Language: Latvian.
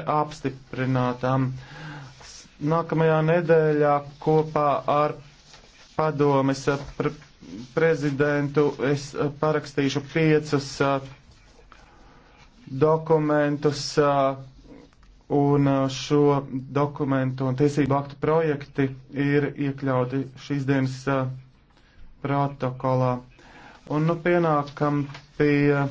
apstiprinātām. Nākamajā nedēļā kopā ar padomes eh, pre prezidentu es eh, parakstīšu piecus eh, dokumentus un šo dokumentu un tiesību aktu projekti ir iekļauti šīs dienas protokolā. Un nu pienākam pie